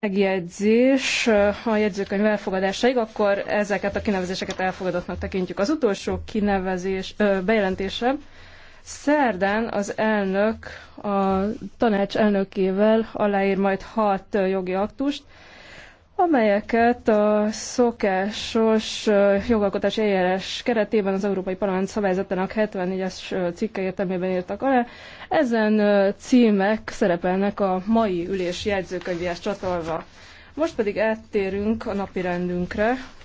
megjegyzés a jegyzőkönyv elfogadásaig, akkor ezeket a kinevezéseket elfogadottnak tekintjük. Az utolsó kinevezés, ö, bejelentése szerdán az elnök a tanács elnökével aláír majd hat jogi aktust, amelyeket a szokásos jogalkotás eljárás keretében az Európai Parlament szabályzatának 74-es cikke értelmében írtak alá. Ezen címek szerepelnek a mai ülés jegyzőkönyvéhez csatolva. Most pedig áttérünk a napirendünkre.